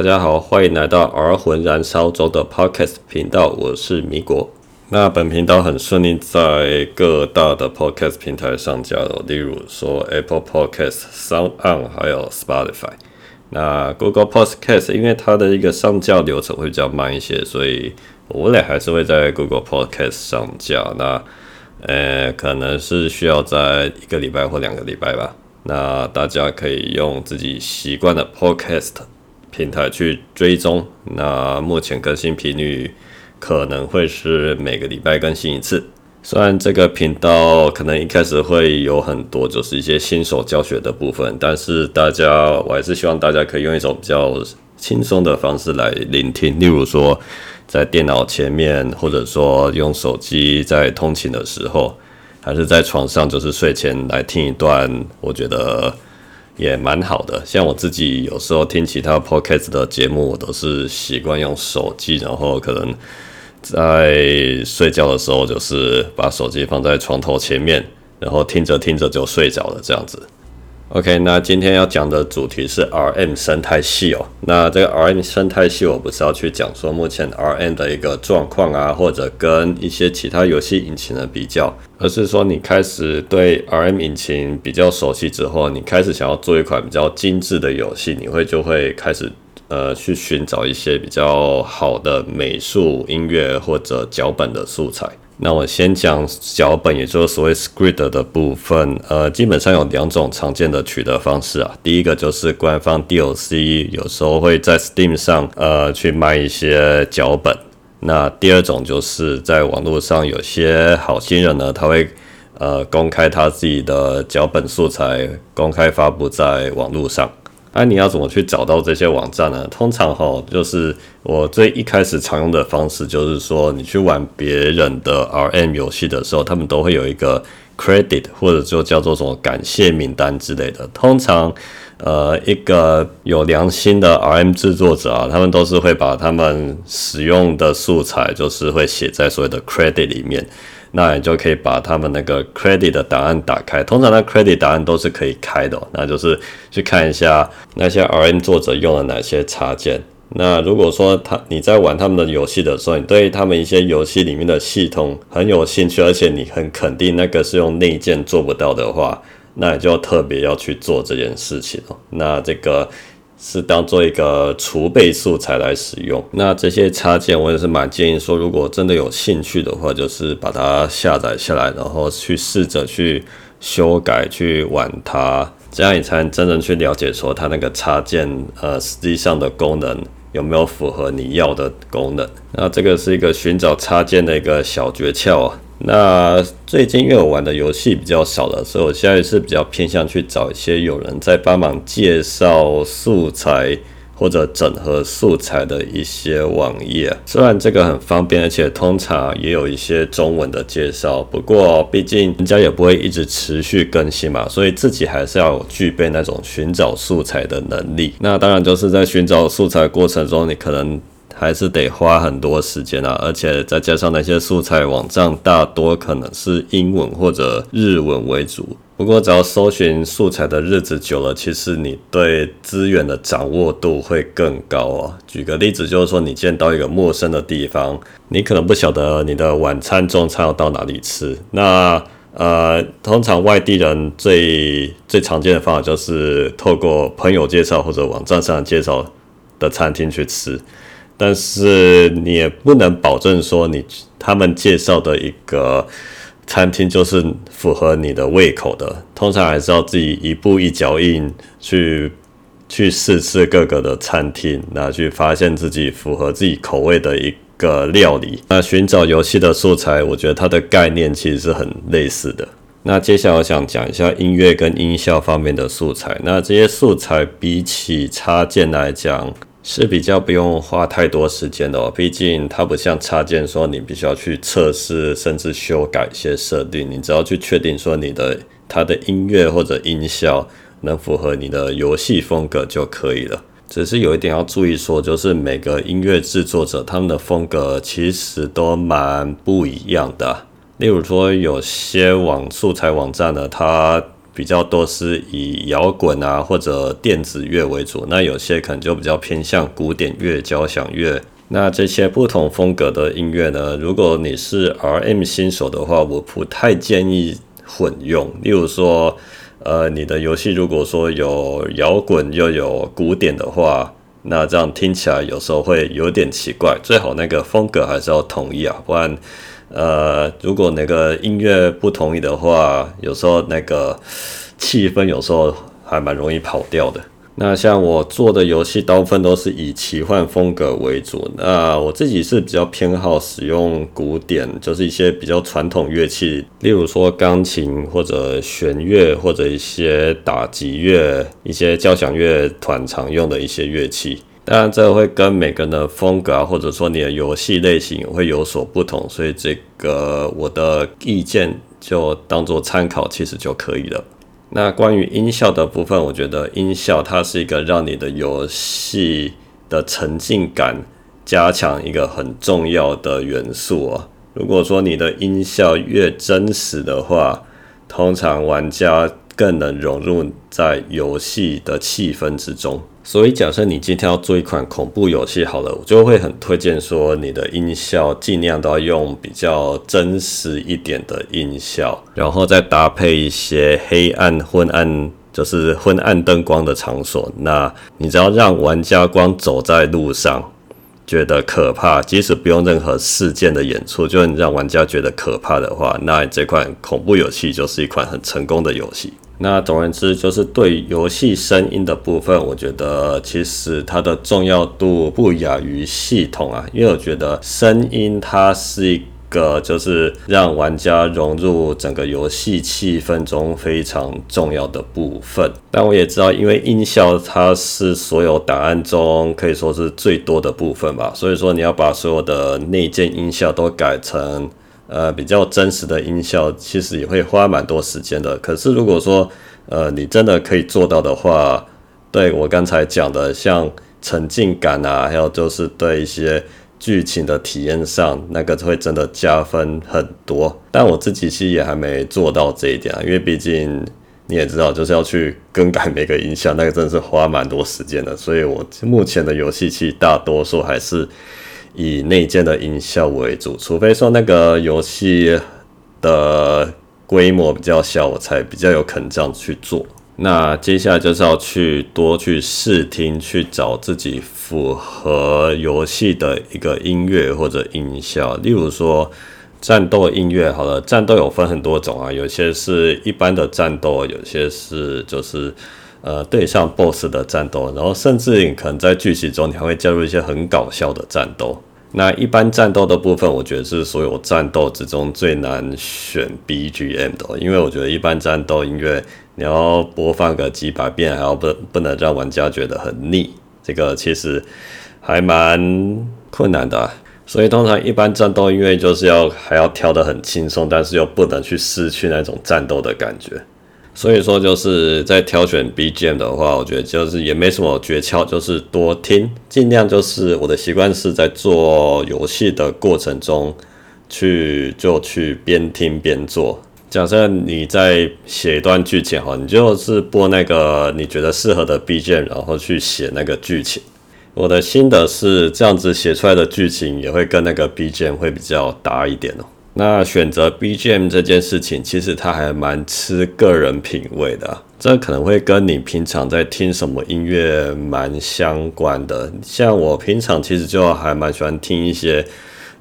大家好，歡迎來到《RM 魂燃燒中》的 Podcast 頻道，我是米果。那本頻道很順利，在各大的 Podcast 平台上架了，例如說 Apple Podcast、Sound On，還有 Spotify。那 Google Podcast 因為它的一個上架流程會比較慢一些，所以我呢還是會，在 Google Podcast 上架。那呃，可能是需要在一個禮拜或兩個禮拜吧。那大家可以用自己習慣的 Podcast。平台去追蹤，那目前更新頻率可能會是每個禮拜更新一次。雖然這個頻道可能一開始會有很多就是一些新手教學的部分，但是大家我還是希望大家可以用一種比較輕鬆的方式來聆聽，例如說在電腦前面，或者說用手機在通勤的時候，還是在床上就是睡前來聽一段，我覺得。也蠻好的，像我自己有時候聽其他 podcast 的節目，我都是習慣用手機，然後可能在睡覺的時候，就是把手機放在床頭前面，然後聽着聽着就睡着了，這樣子。OK，那今天要講的主題是 RM 生態系哦。那這個 RM 生態系，我不是要去講說目前 RM 的一個狀況啊，或者跟一些其他遊戲引擎的比較，而是說你開始對 RM 引擎比較熟悉之後，你開始想要做一款比較精緻的遊戲，你會就會開始呃去尋找一些比較好的美術、音樂或者腳本的素材。那我先講腳本，也就是所謂 script 的部分。呃，基本上有兩種常見的取得方式啊。第一個就是官方 DLC，有時候會在 Steam 上，呃，去賣一些腳本。那第二種就是在網絡上，有些好心人呢，他會呃公開他自己的腳本素材，公開發布在網絡上。哎，啊、你要怎麼去找到這些網站呢？通常哈、哦，就是我最一開始常用的方式，就是說你去玩別人的 R M 遊戲的時候，他們都會有一個 credit，或者就叫做什麼感謝名單之類的。通常，呃，一個有良心的 R M 制作者啊，他們都是會把他們使用的素材，就是會寫在所謂的 credit 裡面。那你就可以把他們那個 credit 的檔案打開，通常那 credit 檔案都是可以開的哦，那就是去看一下那些 RM 作者用了哪些插件。那如果說他你在玩他們的遊戲的時候，你對他們一些遊戲裡面的系統很有興趣，而且你很肯定那個是用內建做不到的話，那你就特別要去做這件事情了哦。那這個。是當做一個儲備素材來使用。那這些插件，我也是蠻建議說，如果真的有興趣的話，就是把它下載下來，然後去試着去修改、去玩它，這樣你才能真正去了解說它那個插件呃實際上的功能有沒有符合你要的功能。那這個是一個尋找插件的一個小訣竅啊。那最近因為我玩的遊戲比較少了，所以我現在是比較偏向去找一些有人在幫忙介紹素材或者整合素材的一些網頁。雖然這個很方便，而且通常也有一些中文的介紹，不過畢竟人家也不會一直持續更新嘛，所以自己還是要具備那種尋找素材的能力。那當然就是在尋找素材的過程中，你可能。還是得花很多時間啊，而且再加上那些素材網站，大多可能是英文或者日文為主。不過，只要搜尋素材的日子久了，其實你對資源的掌握度會更高啊。舉個例子，就是說你見到一個陌生的地方，你可能不曉得你的晚餐、中餐要到哪裡吃。那呃，通常外地人最最常見的方法就是透過朋友介紹或者網站上介紹的餐廳去吃。但是你也不能保證說你他們介紹的一個餐廳就是符合你的胃口的，通常還是要自己一步一腳印去去試吃各個的餐廳，那去發現自己符合自己口味的一個料理。那尋找遊戲的素材，我覺得它的概念其實是很類似的。那接下來我想講一下音樂跟音效方面的素材。那這些素材比起插件來講。是比較不用花太多時間的，哦，畢竟它不像插件，說你必須要去測試甚至修改一些設定，你只要去確定說你的它的音樂或者音效能符合你的遊戲風格就可以了。只是有一點要注意說，說就是每個音樂制作者他們的風格其實都蠻不一樣的。例如說有些網素材網站呢，它。比較多是以搖滾啊或者電子樂為主，那有些可能就比較偏向古典樂、交響樂。那這些不同風格的音樂呢，如果你是 RM 新手的話，我不太建議混用。例如說，呃，你的遊戲如果說有搖滾又有古典的話，那這樣聽起來有時候會有點奇怪。最好那個風格還是要統一啊，不然。呃，如果那個音樂不同意的話，有時候那個氣氛有時候還蠻容易跑調的。那像我做的遊戲，大部分都是以奇幻風格為主。那我自己是比較偏好使用古典，就是一些比較傳統樂器，例如說鋼琴或者弦樂或者一些打擊樂、一些交響樂團常用的一些樂器。當然，這會跟每個人的風格啊，或者說你的遊戲類型會有所不同，所以這個我的意見就當做參考，其實就可以了。那關於音效的部分，我覺得音效它是一個讓你的遊戲的沉浸感加強一個很重要的元素啊。如果說你的音效越真實的話，通常玩家。更能融入在遊戲的氣氛之中，所以假設你今天要做一款恐怖遊戲，好了，我就會很推薦說，你的音效儘量都要用比較真實一點的音效，然後再搭配一些黑暗昏暗，就是昏暗燈光的場所。那你只要讓玩家光走在路上覺得可怕，即使不用任何事件的演出，就讓玩家覺得可怕的話，那這款恐怖遊戲就是一款很成功的遊戲。那總而言之，就是對遊戲聲音的部分，我覺得其實它的重要度不亞於系統啊，因為我覺得聲音它是一個就是讓玩家融入整個遊戲氣氛中非常重要的部分。但我也知道，因為音效它是所有檔案中可以說是最多的部分吧，所以說你要把所有的內建音效都改成。呃，比較真實的音效其實也會花蠻多時間的。可是如果說，呃，你真的可以做到的話，對我剛才講的，像沉浸感啊，還有就是對一些劇情的體驗上，那個會真的加分很多。但我自己其實也還沒做到這一點啊，因為畢竟你也知道，就是要去更改每個音效，那個真的是花蠻多時間的。所以我目前的遊戲其實大多數還是。以內建的音效為主，除非說那個遊戲的規模比較小，我才比較有可能這樣子去做。那接下來就是要去多去試聽，去找自己符合遊戲的一個音樂或者音效。例如說，戰鬥音樂好了，戰鬥有分很多種啊，有些是一般的戰鬥，有些是就是。呃，對上 BOSS 的戰鬥，然後甚至你可能在劇情中，你還會加入一些很搞笑的戰鬥。那一般戰鬥的部分，我覺得是所有戰鬥之中最難選 BGM 的，因為我覺得一般戰鬥音樂，你要播放個幾百遍，還要不不能讓玩家覺得很膩。這個其實還蠻困難的啊。所以通常一般戰鬥音樂就是要還要挑得很輕鬆，但是又不能去失去那種戰鬥的感覺。所以說就是在挑選 BGM 的話，我覺得就是也沒什麼訣竅，就是多聽，盡量就是我的習慣是在做遊戲的過程中去就去邊聽邊做。假設你在寫一段劇情哈，你就是播那個你覺得適合的 BGM，然後去寫那個劇情。我的心得是這樣子寫出來的劇情也會跟那個 BGM 會比較搭一點哦。那選擇 BGM 這件事情，其實它還蠻吃個人品味的，這可能會跟你平常在聽什麼音樂蠻相關的。像我平常其實就還蠻喜歡聽一些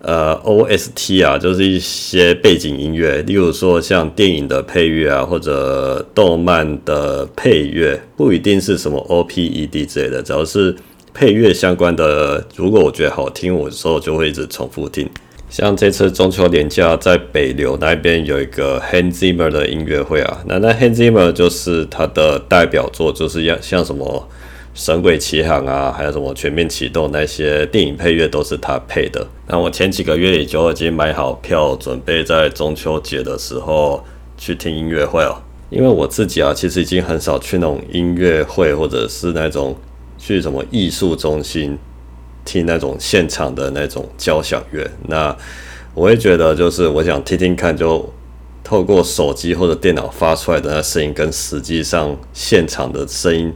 呃 OST 啊，就是一些背景音樂，例如說像電影的配樂啊，或者動漫的配樂，不一定是什麼 OPED 之類的，只要是配樂相關的，如果我覺得好聽，我有時候就會一直重複聽。像這次中秋連假，在北流那邊有一個 Hans Zimmer 的音樂會啊，那那 Hans Zimmer 就是他的代表作，就是要像什麼《神鬼奇航》啊，還有什麼《全面啟動》那些電影配樂都是他配的。那我前幾個月也就已經買好票，準備在中秋節的時候去聽音樂會哦。因為我自己啊，其實已經很少去那種音樂會，或者是那種去什麼藝術中心。聽那種現場的那種交響樂，那我也覺得就是我想聽聽看，就透過手機或者電腦發出來的那聲音，跟實際上現場的聲音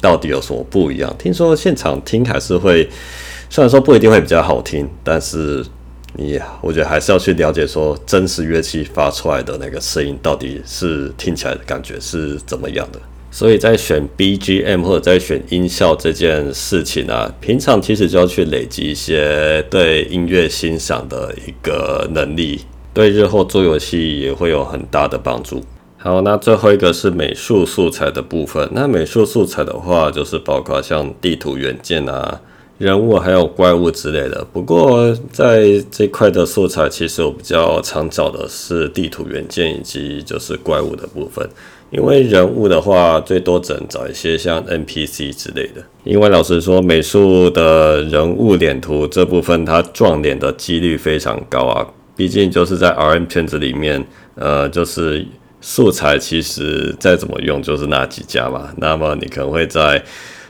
到底有什麼不一樣？聽說現場聽還是會，雖然說不一定會比較好聽，但是你，yeah, 我覺得還是要去了解說真實樂器發出來的那個聲音到底是聽起來的感覺是怎麼樣的。所以在選 BGM 或者在選音效這件事情啊，平常其實就要去累積一些對音樂欣賞的一個能力，對日後做遊戲也會有很大的幫助。好，那最後一個是美術素材的部分。那美術素材的話，就是包括像地圖元件啊。人物還有怪物之類的，不過在這塊的素材，其實我比較常找的是地圖元件以及就是怪物的部分，因為人物的話，最多只能找一些像 NPC 之類的。因為老實說，美術的人物臉圖這部分，它撞臉的幾率非常高啊，畢竟就是在 RM 片子裡面，呃，就是素材其實再怎麼用，就是那幾家嘛。那麼你可能會在。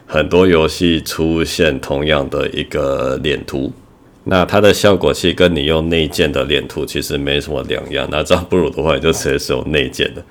很多遊戲出現同樣的一個臉圖，那它的效果器跟你用內建的臉圖其實沒什麼兩樣。那這樣不如的話，你就直接使用內建的。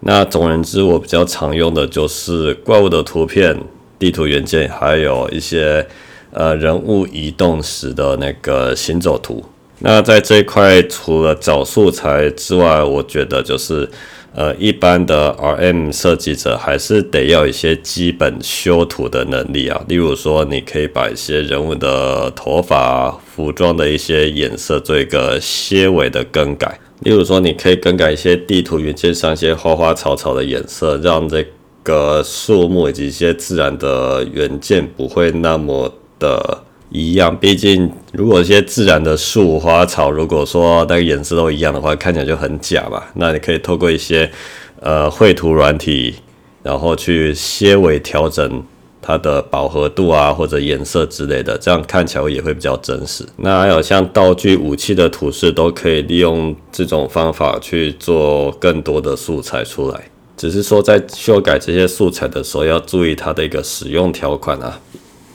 那總而言之，我比較常用的就是怪物的圖片、地圖元件，還有一些呃人物移動時的那個行走圖。那在這一塊，除了找素材之外，我覺得就是。呃，一般的 RM 設計者還是得要一些基本修圖的能力啊。例如說，你可以把一些人物的頭髮、服裝的一些顏色做一個些微的更改。例如說，你可以更改一些地圖元件上一些花花草草的顏色，讓這個樹木以及一些自然的元件不會那麼的一樣，畢竟如果一些自然的樹花草，如果說那個顏色都一樣的話，看起來就很假嘛。那你可以透過一些呃繪圖軟體，然後去些微調整它的飽和度啊或者顏色之類的，這樣看起來也會比較真實。那還有像道具武器的圖示，都可以利用這種方法去做更多的素材出來。只是說在修改這些素材的時候，要注意它的一個使用條款啊。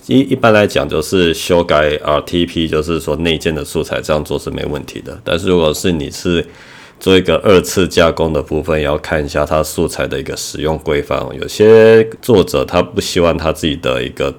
一一般來講，就是修改 RTP，就是說內建的素材，這樣做是沒問題的。但是，如果是你是做一個二次加工的部分，要看一下它素材的一個使用規範。有些作者他不希望他自己的一個。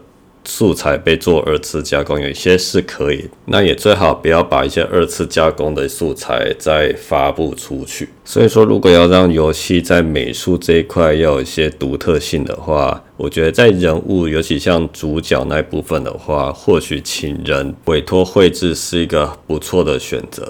素材被做二次加工，有一些是可以，那也最好不要把一些二次加工的素材再發布出去。所以說，如果要讓遊戲在美術這一塊要有一些獨特性的話，我覺得在人物，尤其像主角那部分的話，或許請人委託繪製是一個不錯的選擇。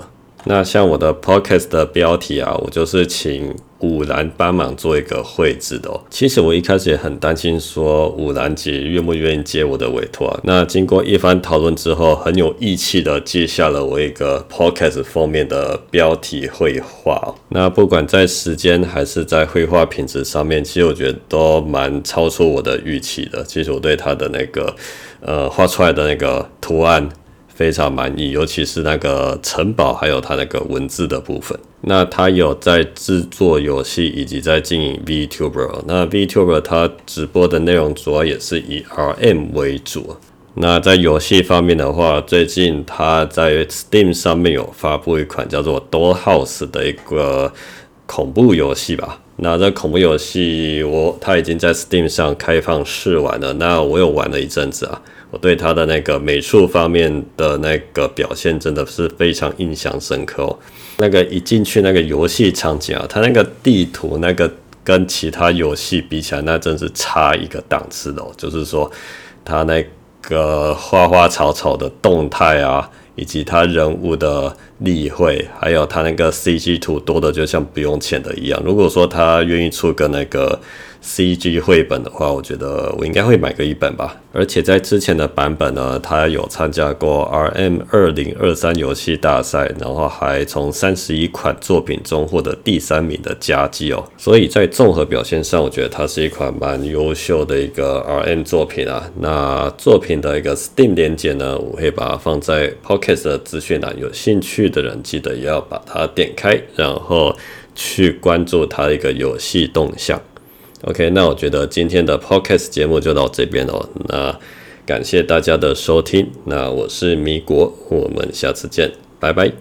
那像我的 podcast 的標題啊，我就是請午藍幫忙做一個繪制的哦。其實我一開始也很擔心，說午藍姐願不願意接我的委托啊。那經過一番討論之後，很有義氣的接下了我一個 podcast 封面的標題繪畫哦。那不管在時間還是在繪畫品質上面，其實我覺得都蠻超出我的預期的。其實我對他的那個，呃，畫出來的那個圖案，非常滿意，尤其是那個城堡，還有他那個文字的部分。那他有在制作遊戲，以及在經營 VTuber。那 VTuber 它，他直播的內容主要也是以 RM 為主。那在遊戲方面的話，最近他在 Steam 上面有發布一款叫做《DollHouse》的一個恐怖遊戲吧。那這恐怖遊戲我他，已經在 Steam 上開放試玩了。那我有玩了一陣子啊。我對他的那個美術方面的那個表現真的是非常印象深刻哦。那個一進去那個遊戲場景啊,他那個地圖那個跟其他遊戲比起來，那真是差一個檔次的哦。就是說，他那個花花草草的動態啊，以及他人物的立繪，還有他那個 CG 圖多得就像不用錢的一樣。如果說他願意出個那個。CG 繪本的話，我覺得我應該會買個一本吧。而且在之前的版本呢，他有參加過 RM 二零二三遊戲大賽，然後還從三十一款作品中獲得第三名的佳績哦。所以在綜合表現上，我覺得它是一款蠻優秀的一個 RM 作品啊。那作品的一個 Steam 連接呢，我會把它放在 Pocket 的資訊欄，有興趣的人記得也要把它點開，然後去關注它的一個遊戲動向。OK，那我覺得今天的 Podcast 節目就到這邊哦。那感謝大家的收聽。那我是米果，我們下次見，拜拜。